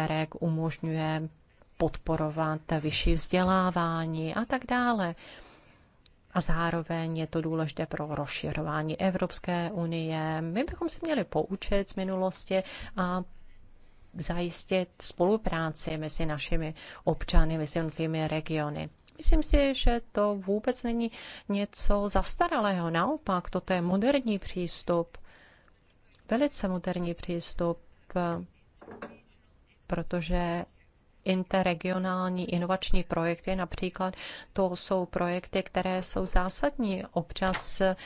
baterek umožňuje podporovat vyšší vzdělávání a tak dále. A zároveň je to důležité pro rozšiřování Evropské unie. My bychom si měli poučit z minulosti a zajistit spolupráci mezi našimi občany, mezi jednotlivými regiony. Myslím si, že to vůbec není něco zastaralého. Naopak, toto je moderní přístup, velice moderní přístup protože interregionální inovační projekty, například to jsou projekty, které jsou zásadní. Občas eh,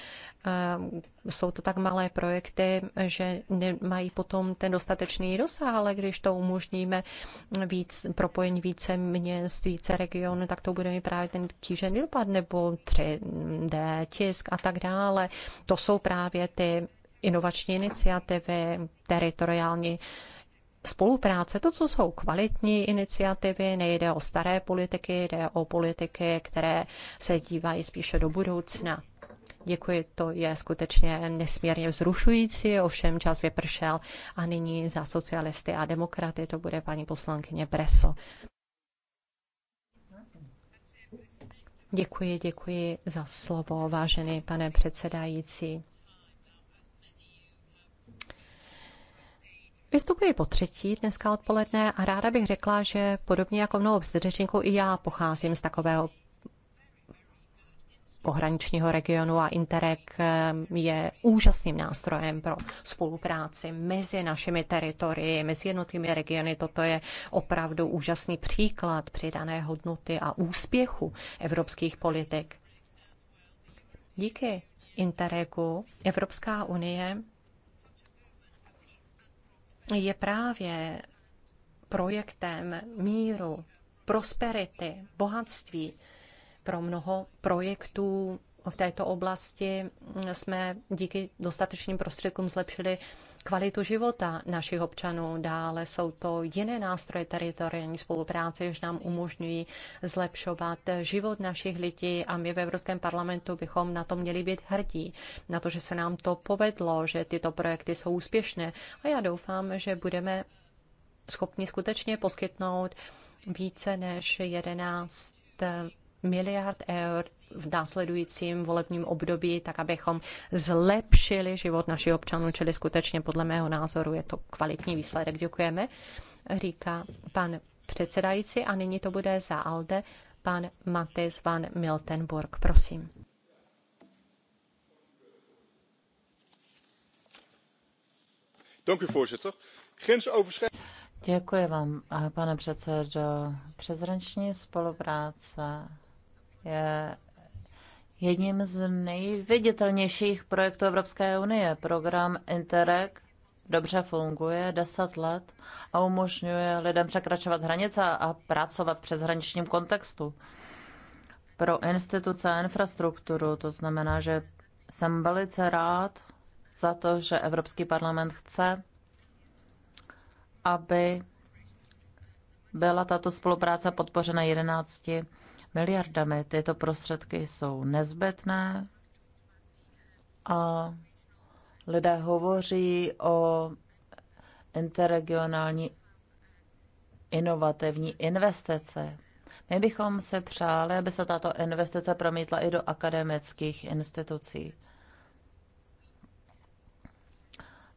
jsou to tak malé projekty, že nemají potom ten dostatečný rozsah, ale když to umožníme víc, propojení více měst, více regionů, tak to bude mít právě ten kýžený dopad nebo 3D tisk a tak dále. To jsou právě ty inovační iniciativy, teritoriální spolupráce, to, co jsou kvalitní iniciativy, nejde o staré politiky, jde o politiky, které se dívají spíše do budoucna. Děkuji, to je skutečně nesmírně vzrušující, ovšem čas vypršel a nyní za socialisty a demokraty to bude paní poslankyně Breso. Děkuji, děkuji za slovo, vážený pane předsedající. Vystupuji po třetí dneska odpoledne a ráda bych řekla, že podobně jako mnoho předřečníků i já pocházím z takového pohraničního regionu a Interreg ehm, je úžasným nástrojem pro spolupráci mezi našimi teritorii, mezi jednotlivými regiony. Toto je opravdu úžasný příklad přidané hodnoty a úspěchu evropských politik. Díky Interregu Evropská unie je právě projektem míru, prosperity, bohatství. Pro mnoho projektů v této oblasti jsme díky dostatečným prostředkům zlepšili kvalitu života našich občanů. Dále jsou to jiné nástroje teritoriální spolupráce, jež nám umožňují zlepšovat život našich lidí a my v Evropském parlamentu bychom na to měli být hrdí, na to, že se nám to povedlo, že tyto projekty jsou úspěšné a já doufám, že budeme schopni skutečně poskytnout více než 11 miliard eur v následujícím volebním období, tak abychom zlepšili život našich občanů, čili skutečně podle mého názoru je to kvalitní výsledek. Děkujeme, říká pan předsedající a nyní to bude za ALDE pan Matis van Miltenburg. Prosím. Děkuji vám, eh, pane předsedo. Přezranční spolupráce je jedním z nejviditelnějších projektů Evropské unie. Program Interreg dobře funguje 10 let a umožňuje lidem překračovat hranice a pracovat přes hraničním kontextu. Pro instituce a infrastrukturu to znamená, že jsem velice rád za to, že Evropský parlament chce, aby byla tato spolupráce podpořena 11 miliardami. Tyto prostředky jsou nezbytné a lidé hovoří o interregionální inovativní investice. My bychom se přáli, aby se tato investice promítla i do akademických institucí.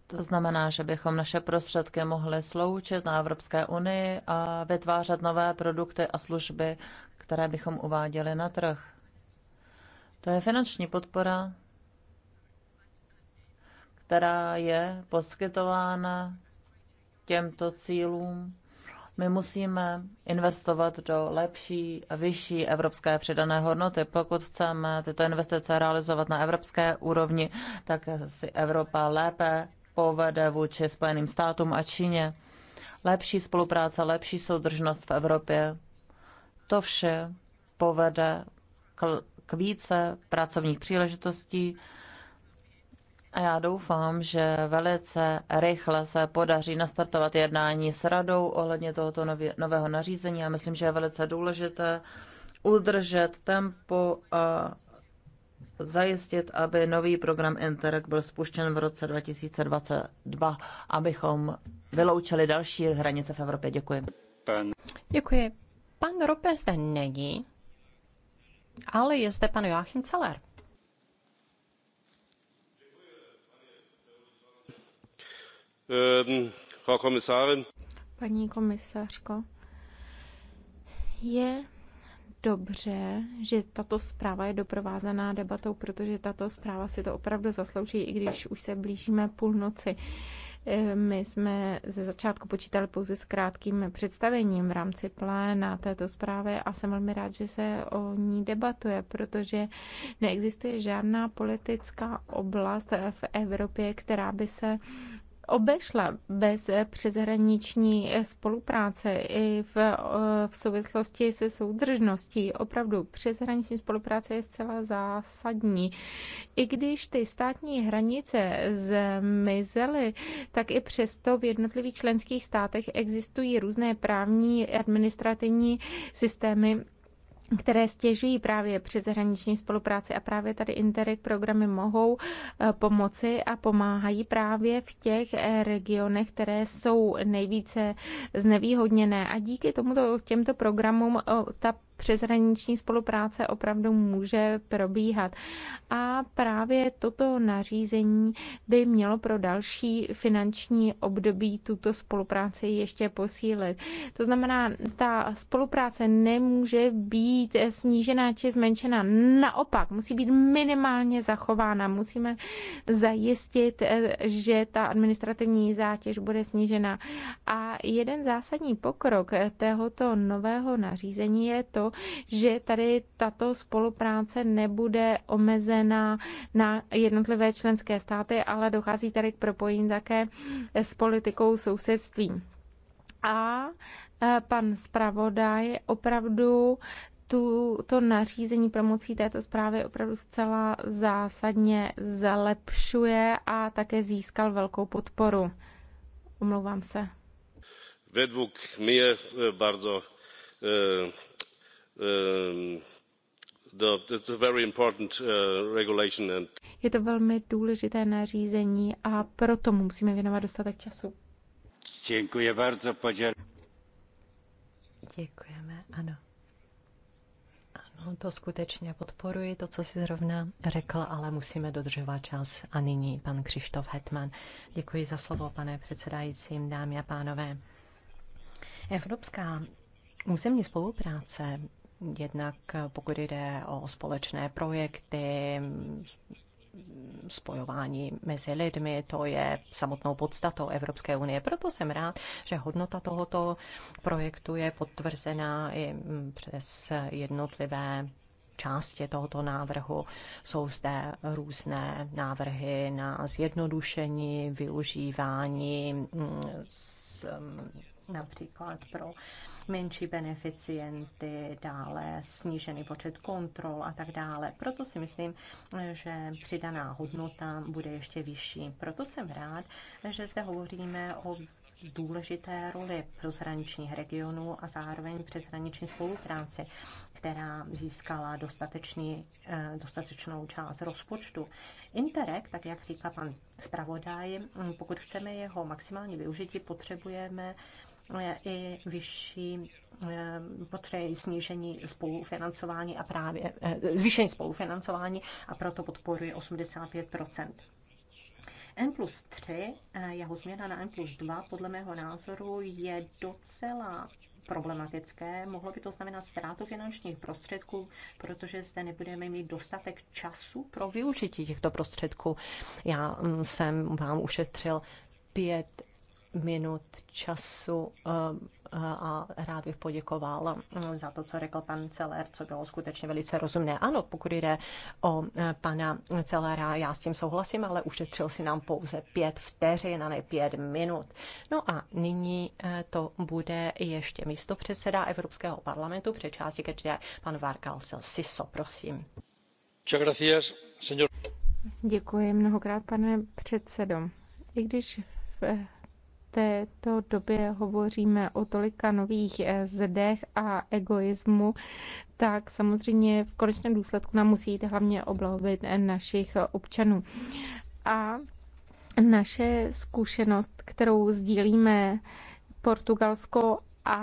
To znamená, že bychom naše prostředky mohli sloučit na Evropské unii a vytvářet nové produkty a služby, které bychom uváděli na trh. To je finanční podpora, která je poskytována těmto cílům. My musíme investovat do lepší a vyšší evropské přidané hodnoty. Pokud chceme tyto investice realizovat na evropské úrovni, tak si Evropa lépe povede vůči Spojeným státům a Číně. Lepší spolupráce, lepší soudržnost v Evropě to vše povede k, k více pracovních příležitostí a já doufám, že velice rychle se podaří nastartovat jednání s radou ohledně tohoto nově, nového nařízení. Já myslím, že je velice důležité udržet tempo a zajistit, aby nový program Interreg byl spuštěn v roce 2022, abychom vyloučili další hranice v Evropě. Děkuji. Děkuji Pan Rope zde není, ale je zde pan Joachim Celer. Eh, Paní komisařko, je dobře, že tato zpráva je doprovázená debatou, protože tato zpráva si to opravdu zaslouží, i když už se blížíme půlnoci. My jsme ze začátku počítali pouze s krátkým představením v rámci pléna této zprávy a jsem velmi rád, že se o ní debatuje, protože neexistuje žádná politická oblast v Evropě, která by se obešla bez přeshraniční spolupráce i v, eh, v souvislosti se soudržností. Opravdu přeshraniční spolupráce je zcela zásadní. I když ty státní hranice zmizely, tak i přesto v jednotlivých členských státech existují různé právní administrativní systémy které stěžují právě přeshraniční spolupráci a právě tady Interreg programy mohou eh, pomoci a pomáhají právě v těch eh, regionech, které jsou nejvíce znevýhodněné. A díky tomuto, těmto programům ta přeshraniční spolupráce opravdu může probíhat. A právě toto nařízení by mělo pro další finanční období tuto spolupráci ještě posílit. To znamená, ta spolupráce nemůže být snížená či zmenšena. Naopak, musí být minimálně zachována. Musíme zajistit, že ta administrativní zátěž bude snížena. A jeden zásadní pokrok tohoto nového nařízení je to, že tady tato spolupráce nebude omezená na jednotlivé členské státy, ale dochází tady k propojení také s politikou sousedství. A e, pan zpravodaj opravdu tu, to nařízení promocí této zprávy opravdu zcela zásadně zlepšuje a také získal velkou podporu. Omlouvám se. Według mě e, bardzo e, Um, uh, Je to velmi důležité nařízení a proto mu musíme věnovat dostatek času. Děkuji bardzo, poděr... Děkujeme, ano. Ano, to skutečně podporuji, to, co si zrovna řekl, ale musíme dodržovat čas. A nyní pan Krištof Hetman. Děkuji za slovo, pane předsedající, dámy a pánové. Evropská územní spolupráce Jednak pokud jde o společné projekty, spojování mezi lidmi, to je samotnou podstatou Evropské unie. Proto jsem rád, že hodnota tohoto projektu je potvrzená i přes jednotlivé části tohoto návrhu. Jsou zde různé návrhy na zjednodušení, využívání mm, například pro menší beneficienty, dále snížený počet kontrol a tak dále. Proto si myslím, že přidaná hodnota bude ještě vyšší. Proto jsem rád, že zde hovoříme o důležité roli přeshraničních regionů a zároveň přeshraniční spolupráci, která získala dostatečný, eh, dostatečnou část rozpočtu. Interreg, tak jak říká pan zpravodaj, mm, pokud chceme jeho maximální využití, potřebujeme i vyšší eh, potřeby snížení spolufinancování a právě eh, zvýšení spolufinancování a proto podporuje 85 N plus 3, eh, jeho změna na N plus 2, podle mého názoru, je docela problematické. Mohlo by to znamenat ztrátu finančních prostředků, protože zde nebudeme mít dostatek času pro využití těchto prostředků. Já mm, jsem vám ušetřil pět minut času eh, eh, a rád bych poděkoval eh, za to, co řekl pan Celer, co bylo skutečně velice rozumné. Ano, pokud jde o pana Celera, já s tím souhlasím, ale ušetřil si nám pouze pět vteřin a ne pět minut. No a nyní to bude ještě místo předseda Evropského parlamentu před části, kde pan Varkal Siso, prosím. Děkuji mnohokrát, pane předsedo. I když v této době hovoříme o tolika nových eh, zdech a egoismu, tak samozřejmě v konečném důsledku nám musí jít hlavně o eh, našich občanů. A naše zkušenost, kterou sdílíme Portugalsko a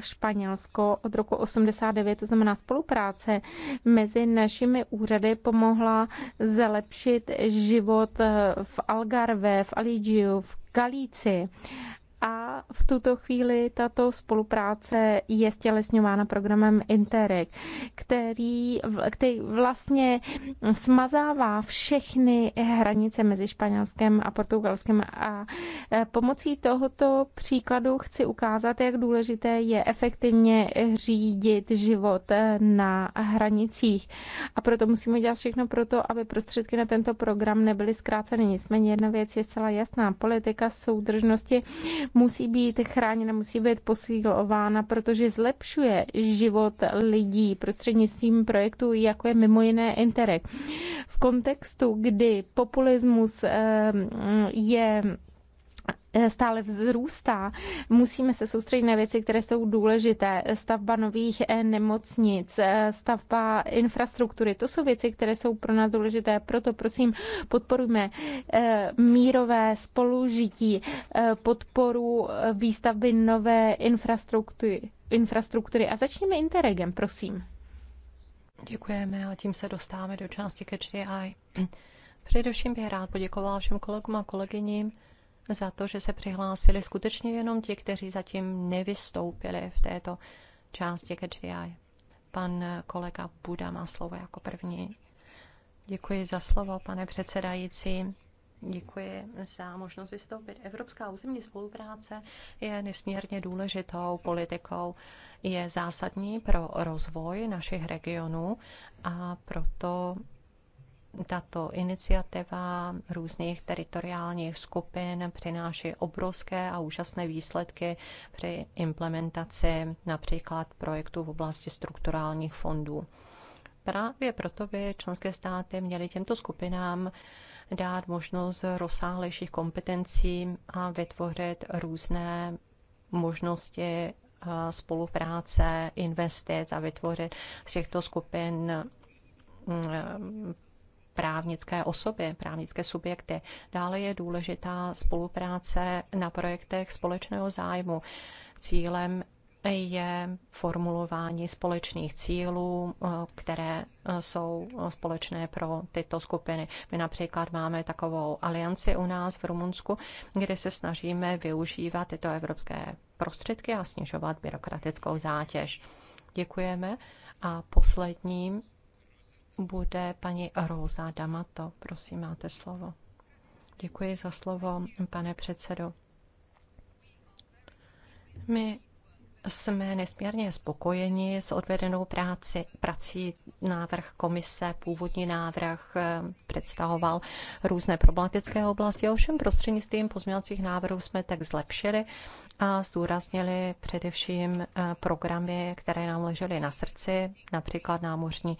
Španělsko od roku 89. To znamená spolupráce mezi našimi úřady pomohla zlepšit život v Algarve, v Aligiu, v Galíci v tuto chvíli tato spolupráce je stělesňována programem Interreg, který, který vlastně smazává všechny hranice mezi Španělskem a Portugalskem a e, pomocí tohoto příkladu chci ukázat, jak důležité je efektivně řídit život e, na hranicích. A proto musíme dělat všechno pro to, aby prostředky na tento program nebyly zkráceny. Nicméně jedna věc je zcela jasná. Politika soudržnosti musí být chráněna, musí být posílována, protože zlepšuje život lidí prostřednictvím projektu, jako je mimo jiné Interreg. V kontextu, kdy populismus eh, je E, stále vzrůstá. Musíme se soustředit na věci, které jsou důležité. Stavba nových e, nemocnic, e, stavba infrastruktury, to jsou věci, které jsou pro nás důležité. Proto prosím, podporujme mírové spolužití, podporu výstavby nové infrastruktury, infrastruktury. a začněme Interregem, prosím. Děkujeme a tím se dostáváme do části Catch the Eye. Především bych rád poděkoval všem kolegům a kolegyním, za to, že se přihlásili skutečně jenom ti, kteří zatím nevystoupili v této části KGI. Pan kolega Buda má slovo jako první. Děkuji za slovo, pane předsedající. Děkuji za možnost vystoupit. Evropská územní spolupráce je nesmírně důležitou politikou, je zásadní pro rozvoj našich regionů a proto tato iniciativa různých teritoriálních skupin přináší obrovské a úžasné výsledky při implementaci například projektů v oblasti strukturálních fondů. Právě proto by členské státy měly těmto skupinám dát možnost rozsáhlejších kompetencí a vytvořit různé možnosti eh, spolupráce, investic a vytvořit z těchto skupin mm, právnické osoby, právnické subjekty. Dále je důležitá spolupráce na projektech společného zájmu. Cílem je formulování společných cílů, eh, které eh, jsou společné pro tyto skupiny. My například máme takovou alianci u nás v Rumunsku, kde se snažíme využívat tyto evropské prostředky a snižovat byrokratickou zátěž. Děkujeme. A posledním bude paní Rosa Damato. Prosím, máte slovo. Děkuji za slovo, pane předsedo. My jsme nesmírně spokojeni s odvedenou práci, prací návrh komise, původní návrh eh, představoval různé problematické oblasti, ovšem prostřednictvím pozměňovacích návrhů jsme tak zlepšili a zdůraznili především eh, programy, které nám ležely na srdci, například námořní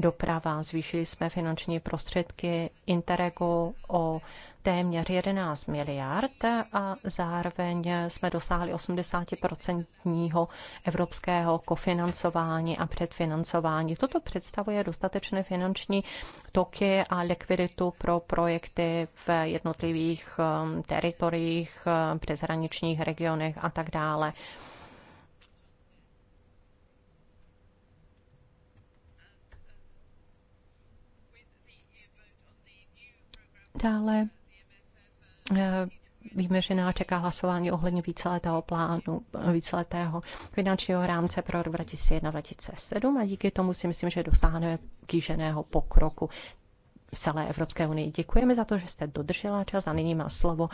doprava. Zvýšili jsme finanční prostředky Interregu o téměř 11 miliard a zároveň jsme dosáhli 80% evropského kofinancování a předfinancování. Toto představuje dostatečné finanční toky a likviditu pro projekty v jednotlivých um, teritoriích, um, přeshraničních regionech a tak dále. Dále eh, víme, že nás čeká hlasování ohledně víceletého plánu, víceletého finančního rámce pro 2001-2007 a díky tomu si myslím, že dosáhneme kýženého pokroku celé Evropské unii. Děkujeme za to, že jste dodržela čas a nyní má slovo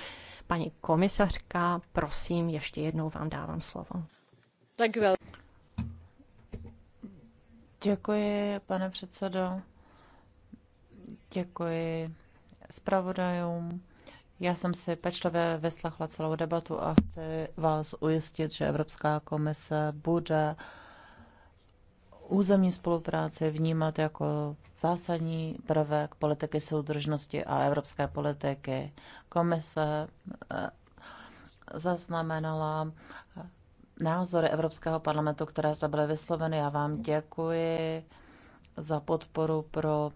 paní komisařka. Prosím, ještě jednou vám dávám slovo. Tak vel. Děkuji, pane předsedo. Děkuji zpravodajům. Já jsem si pečlivě vyslechla celou debatu a chci vás ujistit, že Evropská komise bude územní spolupráci vnímat jako zásadní prvek politiky soudržnosti a evropské politiky. Komise eh, zaznamenala eh, názory Evropského parlamentu, které zde byly vysloveny. Já vám děkuji za podporu pro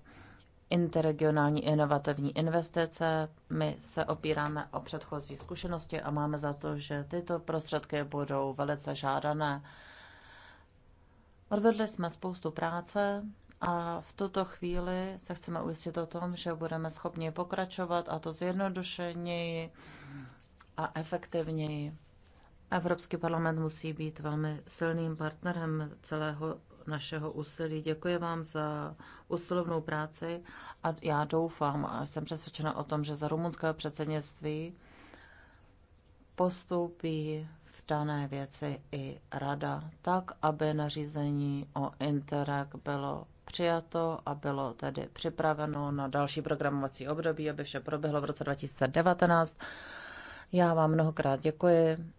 interregionální inovativní investice. My se opíráme o předchozí zkušenosti a máme za to, že tyto prostředky budou velice žádané. Odvedli jsme spoustu práce a v tuto chvíli se chceme ujistit o tom, že budeme schopni pokračovat a to zjednodušeněji a efektivněji. Evropský parlament musí být velmi silným partnerem celého našeho úsilí. Děkuji vám za usilovnou práci a já doufám a jsem přesvědčena o tom, že za rumunského předsednictví postoupí v dané věci i rada, tak aby nařízení o Interreg bylo přijato a bylo tedy připraveno na další programovací období, aby vše proběhlo v roce 2019. Já vám mnohokrát děkuji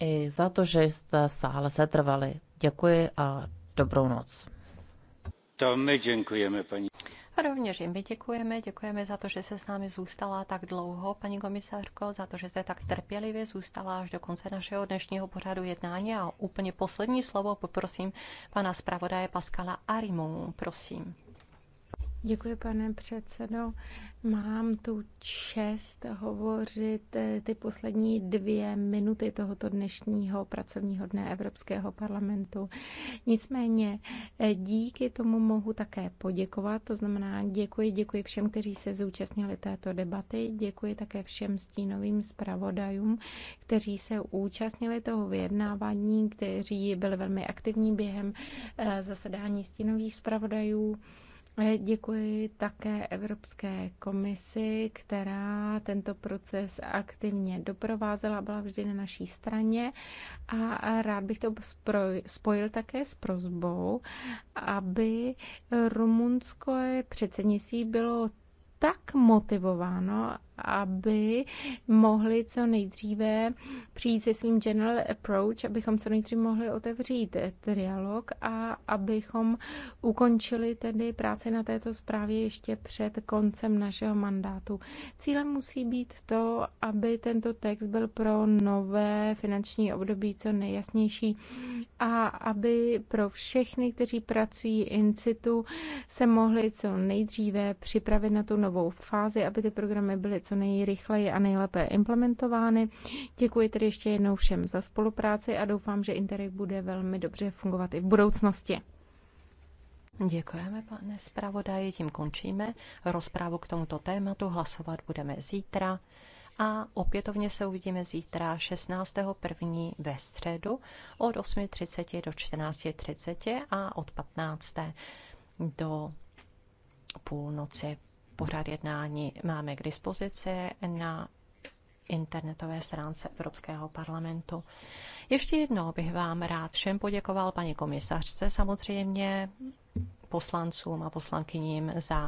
i za to, že jste v sále setrvali. Děkuji a dobrou noc. To my děkujeme, paní. rovněž jim my děkujeme. Děkujeme za to, že se s námi zůstala tak dlouho, paní komisařko, za to, že jste tak trpělivě zůstala až do konce našeho dnešního pořadu jednání. A úplně poslední slovo poprosím pana zpravodaje Paskala Arimu. Prosím. Děkuji, pane předsedo. Mám tu čest hovořit eh, ty poslední dvě minuty tohoto dnešního pracovního dne Evropského parlamentu. Nicméně eh, díky tomu mohu také poděkovat, to znamená děkuji, děkuji všem, kteří se zúčastnili této debaty, děkuji také všem stínovým zpravodajům, kteří se účastnili toho vyjednávání, kteří byli velmi aktivní během eh, zasedání stínových zpravodajů. Eh, děkuji také Evropské komisi, která tento proces aktivně doprovázela, byla vždy na naší straně a rád bych to spojil také s prozbou, aby rumunské předsednictví bylo tak motivováno, aby mohli co nejdříve přijít se svým general approach, abychom co nejdříve mohli otevřít trialog a abychom ukončili tedy práci na této zprávě ještě před koncem našeho mandátu. Cílem musí být to, aby tento text byl pro nové finanční období co nejjasnější a aby pro všechny, kteří pracují in situ, se mohli co nejdříve připravit na tu novou fázi, aby ty programy byly co co nejrychleji a nejlépe implementovány. Děkuji tedy ještě jednou všem za spolupráci a doufám, že Interreg bude velmi dobře fungovat i v budoucnosti. Děkujeme, pane zpravodaji, tím končíme rozprávu k tomuto tématu. Hlasovat budeme zítra a opětovně se uvidíme zítra 16.1. ve středu od 8.30 do 14.30 a od 15. do půlnoci. Pořád jednání máme k dispozici na internetové stránce Evropského parlamentu. Ještě jednou bych vám rád všem poděkoval, paní komisařce samozřejmě, poslancům a poslankyním za